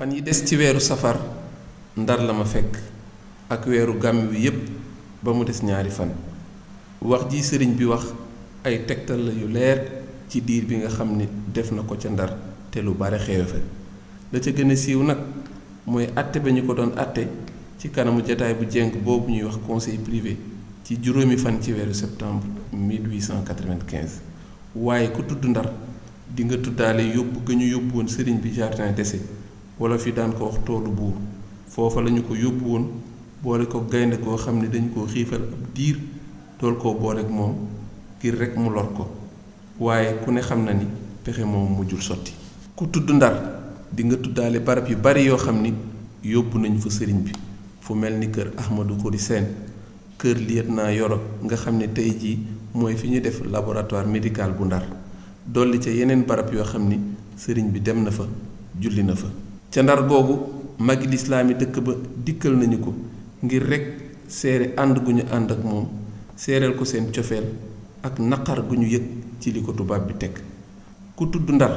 fan yi des ci wéru safar ndar la ma fekk ak wéru gam wi yépp ba mu des ñaari fan wax ji sëriñ bi wax ay tektal la yu leer ci diir bi nga xam def na ko ca ndar te lu bare xewe fa la ca gëna siiw nak moy atté bañu ko doon atté ci kanamu jotaay bu jeng bobu ñuy wax conseil privé ci juroomi fan ci wéru septembre 1895 waye ku tuddu ndar di nga tuddaale yobbu gëñu yobbu won sëriñ bi jardin d'essai wala fi daan ko wax toolu buur foofa lañu ko yóbbu woon boole ko gaynde koo xam ne dañ koo xiifal ab diir tool koo booleeg moom ngir rek mu lor ko waaye ku ne xam na ni pexe moom mujjul sotti ku tudd ndar di nga tuddaale barab yu bari yoo xam ni yóbbu nañ fa sëriñ bi fu mel ni kër ahmadu kori seen kër liet naa yoro nga xam ne tey jii mooy fi ñu def laboratoire médical bu ndar dolli ca yeneen barab yoo xam ni sëriñ bi dem na fa julli na fa ca ndar googu magi lislaami dëkk ba dikkal nañu ko ngir rekk seere ànd gu ñu ànd ak moom seereel ko seen cofeel ak naqar gu ñu yëg ci li ko tubaab bi teg ku tudd ndar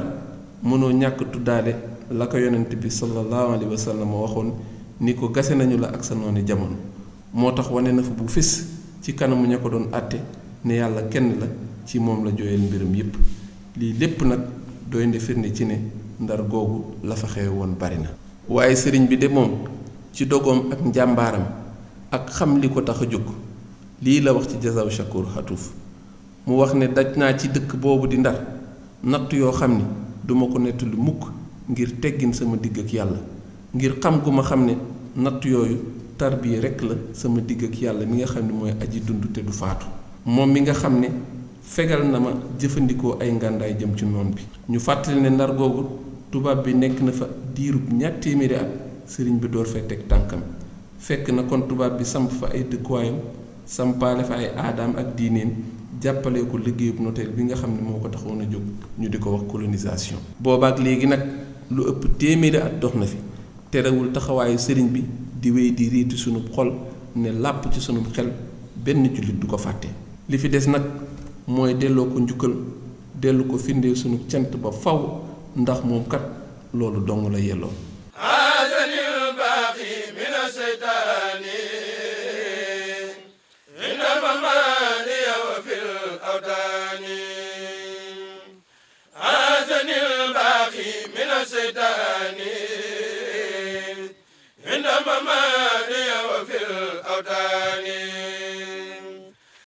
mënoo ñàkk tuddaale la ko yonent bi sallallahu alayhi wa sallam waxoon ni ko gase nañu la ak sa nooni jamono moo tax wane na fa bu fés ci kanamu ña ko doon àtte ne yàlla kenn la ci moom la jooyal mbiram yépp lii lépp nag doy nde firnde ci ne ndar googu la fa xew woon bari na waaye sëriñ bi de moom ci dogoom ak njàmbaaram ak xam li ko tax a jóg lii la wax ci jazaw shakur xatuuf mu wax ne daj naa ci dëkk boobu di ndar natt yoo xam ne duma ko nettali mukk ngir teggin sama digg ak yàlla ngir xam gu ma xam ne natt yooyu tarbiya rekk la sama digg ak yàlla mi nga xam ne mooy aji dund te du faatu moom mi nga xam ne fegal na ma jëfandikoo ay ngàndaay jëm ci moom bi ñu fàttali ne ndar googu tubaab bi nekk na fa diirub ñaar téeméeri at sëriñ bi door fay teg tànkam fekk na kon tubaab bi samp fa ay dëkkuwaayam sampaale fa ay aadaam ak diineen jàppale ko liggéeyub noteel bi nga xam ne moo ko taxoon a jóg ñu di ko wax colonisation. boobaak léegi nag lu ëpp téeméeri at dox na fi terewul taxawaayu sëriñ bi di wéy di riiti sunu xol ne làpp ci sunu xel benn jullit du ko fàtte li fi des nag. mooy delloo ko njukkal dellu ko firndeel sunu cant ba faw ndax moom kat loolu dong la yelloo Mama